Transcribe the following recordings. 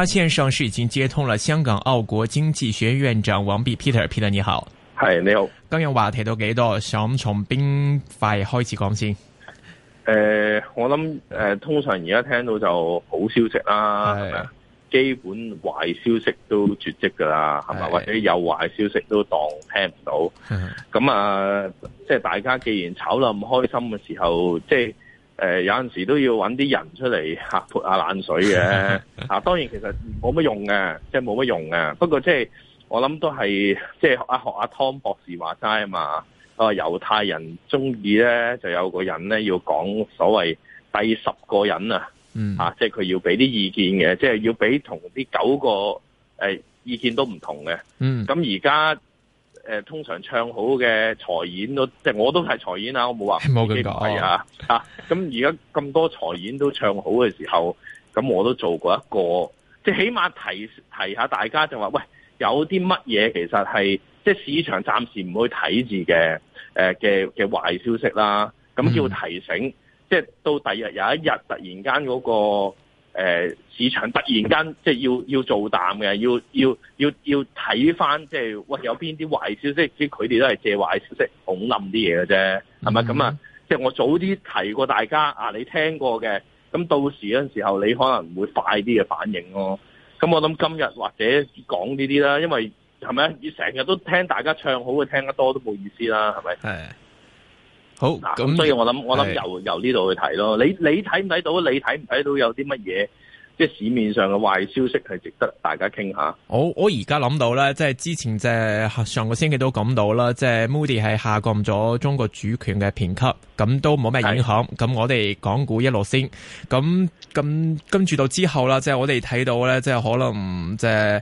阿先生是已經接通了香港奧國經濟學院院長王弼 Peter，Peter Peter，你好，係你好。今日話題到幾多？想從邊塊開始講先。誒、呃，我諗誒、呃，通常而家聽到就好消息啦，是基本壞消息都絕迹噶啦，係咪？是或者有壞消息都當聽唔到。咁啊是、呃，即係大家既然炒得咁開心嘅時候，即係。誒、呃、有陣時都要揾啲人出嚟嚇潑下冷水嘅，啊當然其實冇乜用嘅，即係冇乜用嘅。不過即、就、係、是、我諗都係即係學阿學阿湯、啊、博士話齋啊嘛，啊猶太人鍾意咧就有個人咧要講所謂第十個人啊，即係佢要俾啲意見嘅，即、就、係、是、要俾同啲九個、呃、意見都唔同嘅、啊。嗯，咁而家。誒通常唱好嘅財演都，即係我都係財演啊！我冇話冇咁講啊！咁而家咁多財演都唱好嘅時候，咁我都做過一個，即係起碼提提下大家就，就話喂，有啲乜嘢其實係即係市場暫時唔會睇住嘅嘅嘅壞消息啦，咁叫提醒，嗯、即係到第日有一日突然間嗰、嗰個。誒、呃，市場突然間即係要要做淡嘅，要要要要睇翻，即係喂，有邊啲壞消息，即佢哋都係借壞消息恐冧啲嘢嘅啫，係咪咁啊？即係我早啲提過大家啊，你聽過嘅，咁到時嗰陣時候你可能會快啲嘅反應咯、哦。咁、嗯、我諗今日或者講呢啲啦，因為係咪啊？你成日都聽大家唱好嘅，聽得多都冇意思啦，係咪？係。好，嗱，咁所以我諗，我諗由係由呢度去睇咯。你你睇唔睇到？你睇唔睇到有啲乜嘢？即市面上嘅壞消息係值得大家傾下。Oh, 我我而家諗到咧，即係之前即係上個星期都講到啦，即係 Moody 係下降咗中國主權嘅評級，咁都冇咩影響，咁的我哋港股一路升。咁咁跟住到之後啦，即係我哋睇到咧，即係可能即係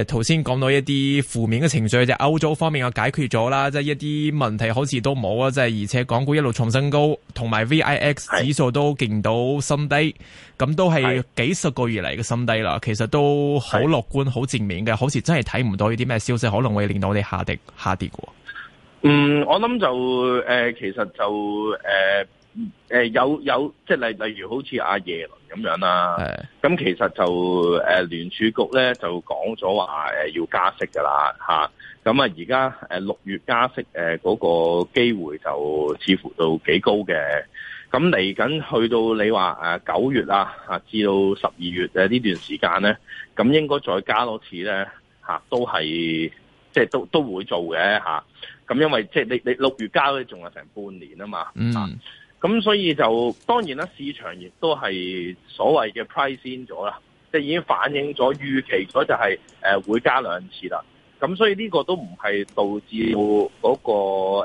誒頭先講到一啲負面嘅情緒，即係歐洲方面又解決咗啦，即係一啲問題好似都冇啊！即係而且港股一路創新高，同埋 VIX 指數都勁到新低，咁的都係幾。十個月嚟嘅新低啦，其實都好樂觀、好是正面嘅，好似真係睇唔到呢啲咩消息可能會令到我哋下跌、下跌嘅。嗯，我諗就誒、呃，其實就誒誒、呃呃、有有，即係例例如好似阿耶倫咁樣啦。咁是、嗯、其實就誒、呃、聯儲局咧就講咗話誒要加息嘅啦吓。咁啊而家誒六月加息誒嗰個機會就似乎都幾高嘅。咁嚟緊去到你話誒九月啊，至到十二月誒呢段時間咧，咁應該再加多次咧，吓都係即係都都會做嘅吓。咁因為即係你你六月加咗，仲有成半年啊嘛，咁、mm. 啊、所以就當然啦，市場亦都係所謂嘅 price in 咗啦，即係已經反映咗預期咗就係誒會加兩次啦。咁所以呢個都唔係導致嗰個、那個、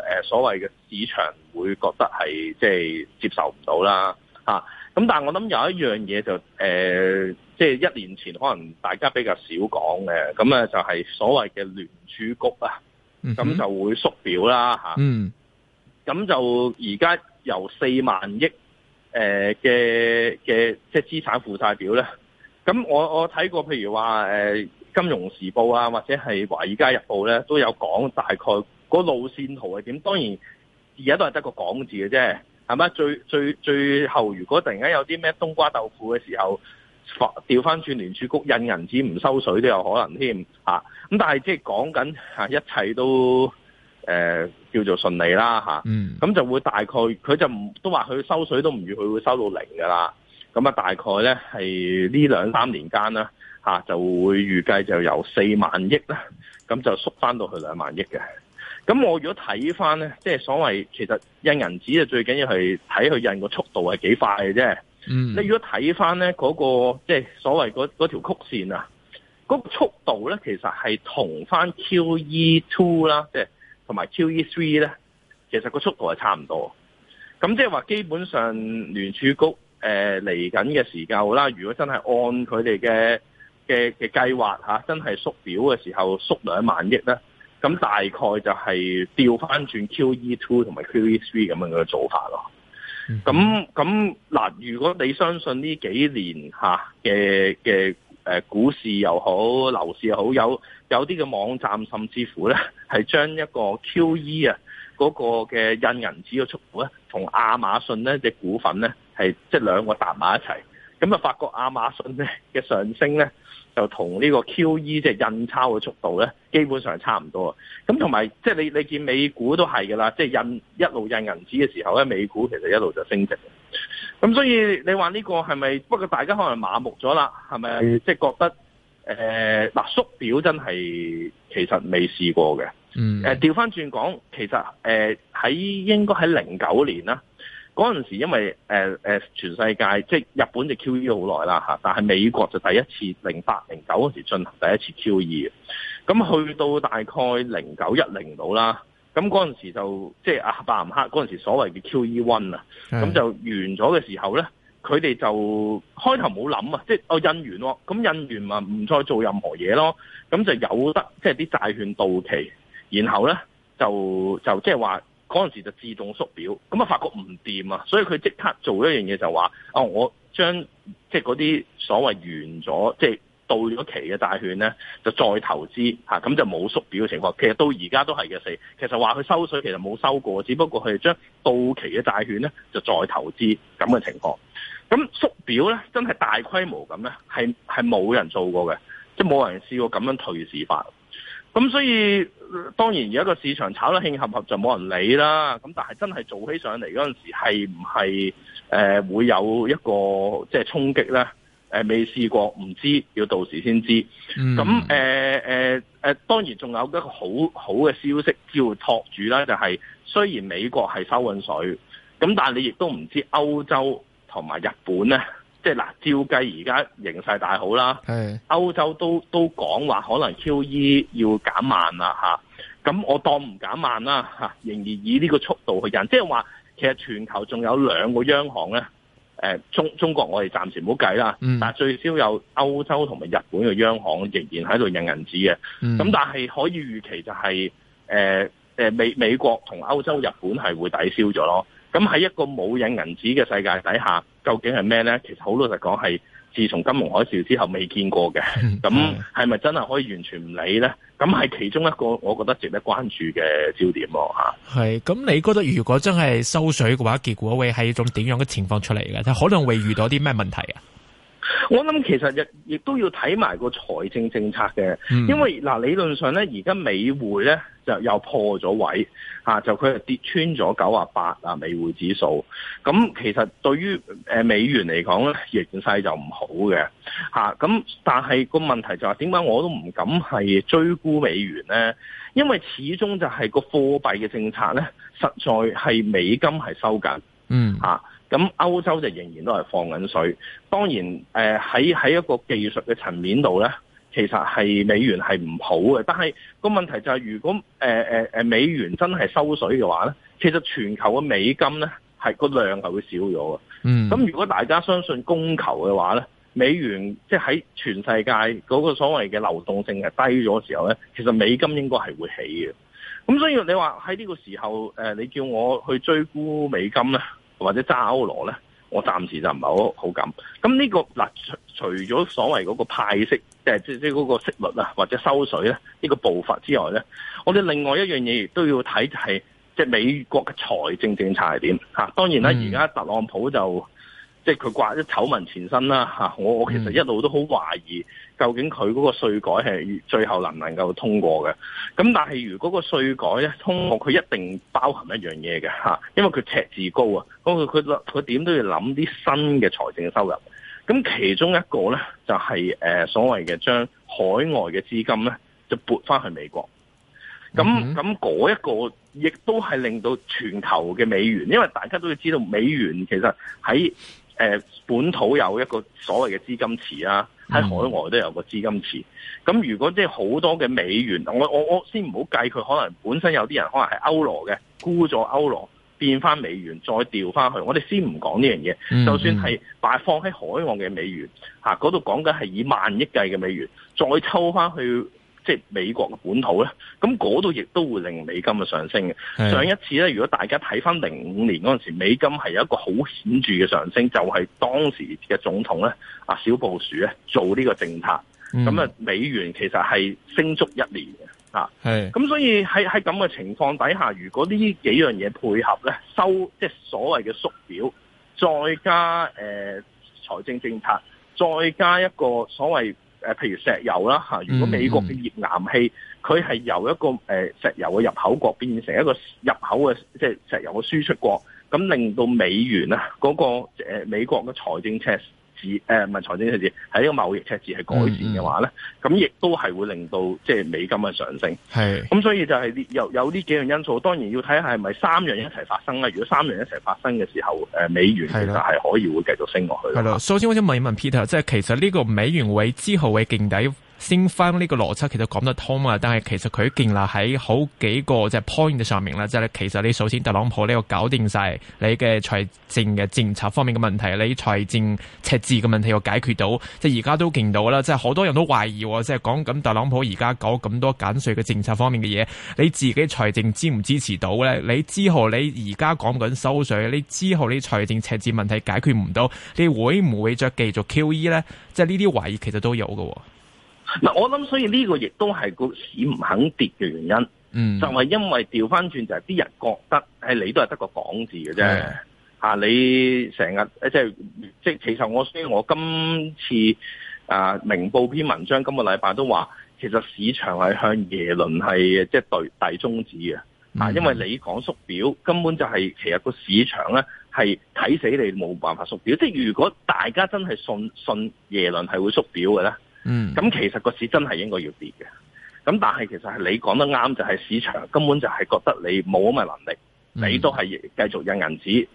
呃、所謂嘅市場會覺得係即係接受唔到啦嚇。咁、啊、但我諗有一樣嘢就即係、呃就是、一年前可能大家比較少講嘅。咁啊就係、是、所謂嘅聯儲局啊，咁就會縮表啦嚇。嗯、啊。咁就而家由四萬億嘅嘅即係資產負債表咧。咁我我睇過，譬如話金融時報啊，或者係華爾街日報咧，都有講大概嗰個路線圖係點。當然現在是一而家都係得個講字嘅啫，係咪？最最最後，如果突然間有啲咩冬瓜豆腐嘅時候，調翻轉聯儲局印銀紙唔收水都有可能添。咁、啊、但係即係講緊一切都、呃、叫做順利啦咁、啊嗯、就會大概佢就唔都話佢收水都唔預，佢會收到零㗎啦。咁啊，大概咧係呢是這兩三年間啦。啊，就會預計就由四萬億啦，咁就縮翻到去兩萬億嘅。咁我如果睇翻咧，即係所謂其實印銀紙啊，最緊要係睇佢印個速度係幾快嘅啫。嗯，你如果睇翻咧嗰個即係所謂嗰條曲線啊，嗰速度咧其實係同翻 Q E two 啦，即係同埋 Q E three 咧，其實個速度係差唔多。咁即係話基本上聯儲局誒嚟緊嘅時間啦，如果真係按佢哋嘅嘅嘅計劃嚇、啊，真係縮表嘅時候縮兩萬億咧，咁大概就係調翻轉 QE two 同埋 QE three 咁樣嘅做法咯。咁咁嗱，如果你相信呢幾年嚇嘅嘅誒股市又好、樓市又好，有有啲嘅網站甚至乎咧係將一個 QE 啊，嗰，那個嘅印銀紙嘅速度咧，同亞馬遜咧隻股份咧係即係兩個搭埋一齊。咁啊，發覺亞馬遜咧嘅上升咧，就同呢個 QE 即係印鈔嘅速度咧，基本上係差唔多啊。咁同埋即係你你見美股都係噶啦，即係印一路印銀紙嘅時候咧，美股其實一路就升值。咁所以你話呢個係咪？不過大家可能麻木咗啦，係咪？即係覺得誒，嗱、嗯呃、縮表真係其實未試過嘅。誒調翻轉講，其實喺、呃、應該喺零九年啦。嗰陣時，因為誒誒、呃呃、全世界，即係日本就 QE 好耐啦嚇，但係美國就第一次零八零九嗰時進行第一次 QE 咁去到大概零九一零度啦，咁嗰陣時就即係阿伯恩克嗰陣時所謂嘅 QE one 啊，咁就完咗嘅時候咧，佢哋就開頭冇諗啊，即係我、哦、印完喎，咁印完咪唔再做任何嘢咯，咁就有得即係啲債券到期，然後咧就，就就即係話。嗰陣時就自動縮表，咁啊發覺唔掂啊，所以佢即刻做一樣嘢就話：哦，我將即係嗰啲所謂完咗，即係到咗期嘅債券呢，就再投資吓，咁就冇縮表嘅情況。其實到而家都係嘅事，其實話佢收水其實冇收過，只不過佢將到期嘅債券呢，就再投資咁嘅情況。咁縮表呢，真係大規模咁呢，係係冇人做過嘅，即係冇人試過咁樣退市法。咁所以當然而家個市場炒得興合合就冇人理啦。咁但係真係做起上嚟嗰陣時係唔係會有一個即係衝擊呢？呃、未試過唔知，要到時先知。咁誒誒當然仲有一個好好嘅消息叫托住啦，就係、是、雖然美國係收緊水，咁但係你亦都唔知歐洲同埋日本呢。即係嗱，照計而家形勢大好啦，歐洲都都講話可能 QE 要減慢啦嚇，咁我當唔減慢啦嚇，仍然以呢個速度去印，即係話其實全球仲有兩個央行咧、呃，中中國我哋暫時唔好計啦，嗯、但最少有歐洲同埋日本嘅央行仍然喺度印銀紙嘅，咁、嗯、但係可以預期就係、誒呃、美美國同歐洲日本係會抵消咗咯，咁喺一個冇印銀紙嘅世界底下。究竟係咩呢？其實好老實講，係自從金融海嘯之後未見過嘅。咁係咪真係可以完全唔理呢？咁係其中一個我覺得值得關注嘅焦點喎，嚇。係。咁你覺得如果真係收水嘅話，結果會係一種點樣嘅情況出嚟嘅？就可能會遇到啲咩問題啊？我諗其實亦亦都要睇埋個財政政策嘅，因為嗱，理論上咧，而家美匯咧就又破咗位，吓，就佢係跌穿咗九啊八啊美匯指數。咁其實對於誒美元嚟講咧，形勢就唔好嘅吓。咁但係個問題就係點解我都唔敢係追沽美元咧？因為始終就係個貨幣嘅政策咧，實在係美金係收緊，嗯吓。咁歐洲就仍然都係放緊水，當然喺喺、呃、一個技術嘅層面度咧，其實係美元係唔好嘅，但係個問題就係如果、呃、美元真係收水嘅話咧，其實全球嘅美金咧係個量係會少咗嘅。嗯，咁如果大家相信供求嘅話咧，美元即係喺全世界嗰個所謂嘅流動性係低咗時候咧，其實美金應該係會起嘅。咁所以你話喺呢個時候、呃、你叫我去追沽美金咧？或者揸歐羅咧，我暫時就唔係好好咁咁呢個嗱，除除咗所謂嗰個派息，即即嗰個息率啊，或者收水咧，呢個步伐之外咧，我哋另外一樣嘢亦都要睇就係即係美國嘅財政政策係點吓。當然啦，而家特朗普就。即係佢掛咗醜聞纏身啦嚇，我我其實一路都好懷疑究竟佢嗰個稅改係最後能唔能夠通過嘅？咁但係如果個稅改咧通過，佢一定包含一樣嘢嘅嚇，因為佢赤字高啊，咁佢佢佢點都要諗啲新嘅財政收入。咁其中一個咧就係誒所謂嘅將海外嘅資金咧就撥翻去美國。咁咁嗰一個亦都係令到全球嘅美元，因為大家都要知道美元其實喺本土有一個所謂嘅資金池啦，喺海外都有個資金池。咁如果即係好多嘅美元，我我我先唔好計佢，可能本身有啲人可能係歐羅嘅沽咗歐羅，變翻美元再調翻去。我哋先唔講呢樣嘢，就算係擺放喺海外嘅美元，吓嗰度講緊係以萬億計嘅美元，再抽翻去。即係美國嘅本土咧，咁嗰度亦都會令美金嘅上升嘅。是的 上一次咧，如果大家睇翻零五年嗰陣時，美金係有一個好顯著嘅上升，就係、是、當時嘅總統咧，啊小布殊咧做呢個政策，咁啊美元其實係升足一年嘅啊。咁，是的 所以喺喺咁嘅情況底下，如果呢幾樣嘢配合咧，收即係所謂嘅縮表，再加誒、呃、財政政策，再加一個所謂。誒，譬如石油啦吓，如果美國嘅頁岩氣，佢係由一個誒石油嘅入口國變成一個入口嘅即係石油嘅輸出國，咁令到美元啊嗰個誒美國嘅財政赤。字，誒唔係財政赤字，係呢個貿易赤字係改善嘅話咧，咁亦、嗯、都係會令到即係美金嘅上升。係咁是，所以就係有有呢幾樣因素，當然要睇下係咪三樣嘢一齊發生啦。如果三樣一齊發生嘅時候，誒美元其實係可以會繼續升落去。係啦，首先我想問一問 Peter，即係其實呢個美元位之後嘅勁底。先翻呢個邏輯，其實講得通啊。但係其實佢建立喺好幾個即係 point 上面啦，即係其實你首先特朗普呢個搞掂晒你嘅財政嘅政策方面嘅問題，你財政赤字嘅問題又解決到，即係而家都見到啦。即係好多人都懷疑，即係講緊特朗普而家搞咁多減稅嘅政策方面嘅嘢，你自己財政支唔支持到咧？你之後你而家講緊收稅，你之後你財政赤字問題解決唔到，你會唔會再繼續 QE 咧？即係呢啲懷疑其實都有喎。嗱，我諗所以呢個亦都係個市唔肯跌嘅原因，嗯、就係因為調翻轉就係啲人覺得係、哎、你都係得個講字嘅啫，吓、嗯啊、你成日、就是、即係即係，其實我所以我今次啊明報篇文章，今個禮拜都話，其實市場係向耶倫係即係對大中指嘅，啊，嗯、因為你講縮表根本就係、是、其實個市場咧係睇死你冇辦法縮表，即係如果大家真係信信耶倫係會縮表嘅咧。嗯，咁其實個市真係應該要跌嘅，咁但係其實係你講得啱，就係市場根本就係覺得你冇咁嘅能力，你都係繼續印銀紙，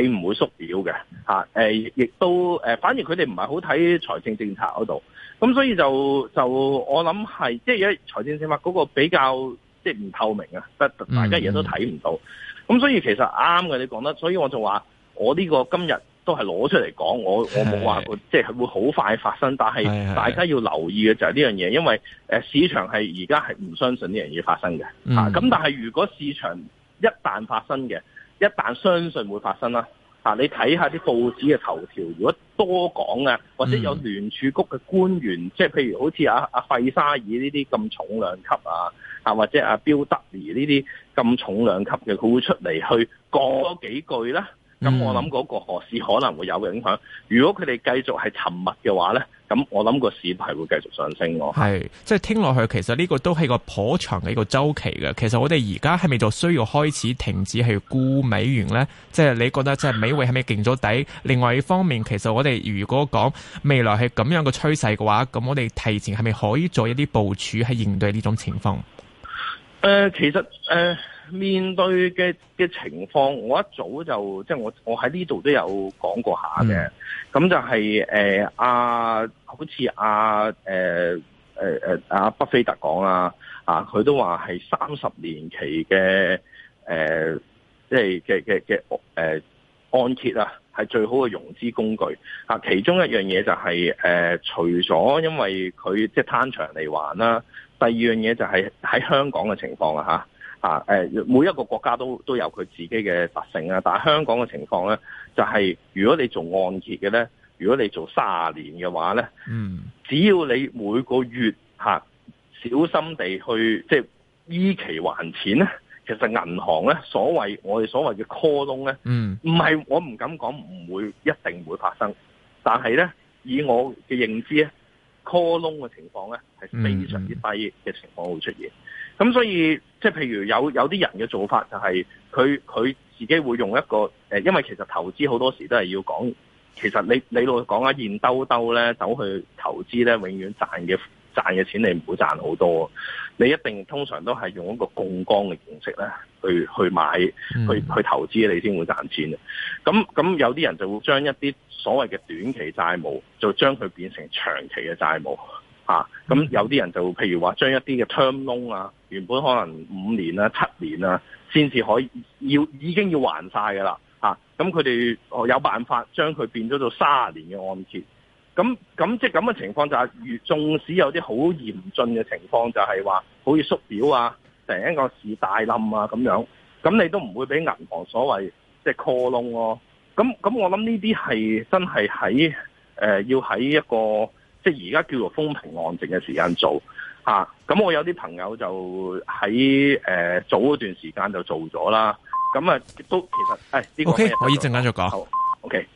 你唔會縮表嘅，亦、啊、都反而佢哋唔係好睇財政政策嗰度，咁所以就就我諗係即係財政政策嗰個比較即係唔透明啊，大家嘢都睇唔到，咁、嗯嗯嗯、所以其實啱嘅你講得，所以我就話我呢個今日。都係攞出嚟講，我我冇話過，即係會好快發生。但係大家要留意嘅就係呢樣嘢，因為、呃、市場係而家係唔相信呢樣嘢發生嘅。咁、嗯啊，但係如果市場一旦發生嘅，一旦相信會發生啦、啊，你睇下啲報紙嘅頭條，如果多講啊，或者有聯儲局嘅官員，嗯、即係譬如好似阿阿費沙爾呢啲咁重量級啊，啊，或者阿、啊、標德尼呢啲咁重量級嘅，佢會出嚟去講多幾句啦。咁我諗嗰個何事可能會有嘅影響？嗯、如果佢哋繼續係沉默嘅話呢，咁我諗個市係會繼續上升咯。係，即係聽落去，其實呢個都係個頗長嘅一個週期嘅。其實我哋而家係咪就需要開始停止去沽美元呢？即係你覺得即係美匯係咪勁咗底？的另外一方面，其實我哋如果講未來係咁樣嘅趨勢嘅話，咁我哋提前係咪可以做一啲部署去應對呢種情況？誒、呃，其實誒。呃面對嘅嘅情況，我一早就即係我我喺呢度都有講過一下嘅，咁就係誒阿好似阿誒誒誒阿畢菲特講啦，啊佢、啊呃啊啊、都話係三十年期嘅誒、呃，即係嘅嘅嘅誒按揭啊，係最好嘅融資工具啊。其中一樣嘢就係、是、誒、啊，除咗因為佢即係攤長嚟還啦，第二樣嘢就係喺香港嘅情況啦嚇。啊啊，誒每一個國家都都有佢自己嘅特性啊，但係香港嘅情況咧，就係如果你做按揭嘅咧，如果你做三十年嘅話咧，嗯，只要你每個月嚇小心地去即係、就是、依期還錢咧，其實銀行咧所謂我哋所謂嘅 call loan 咧，嗯，唔係我唔敢講唔會一定唔會發生，但係咧以我嘅認知咧，call loan 嘅情況咧係非常之低嘅情況會出現。咁所以即係譬如有有啲人嘅做法就係佢佢自己會用一個誒，因為其實投資好多時都係要講，其實你你老講啊現兜兜咧走去投資咧，永遠賺嘅賺嘅錢你唔會賺好多，你一定通常都係用一個槓桿嘅形式咧去去買去去投資，你先會賺錢嘅。咁咁有啲人就會將一啲所謂嘅短期債務就將佢變成長期嘅債務。咁、啊、有啲人就譬如話將一啲嘅 term loan 啊，原本可能五年啦、啊、七年啦、啊，先至可以要已經要還曬噶啦，咁佢哋哦有辦法將佢變咗做卅年嘅按揭，咁咁即係咁嘅情況就係、是，如縱使有啲好嚴峻嘅情況就，就係話好似縮表啊，成一個市大冧啊咁樣，咁你都唔會俾銀行所謂即係、就是、call loan 咯、啊。咁咁我諗呢啲係真係喺、呃、要喺一個。即係而家叫做風平浪靜嘅時間做吓，咁、啊、我有啲朋友就喺誒、呃、早一段時間就做咗啦，咁啊都其實誒 O K，可以陣間再講。好，O K。Okay.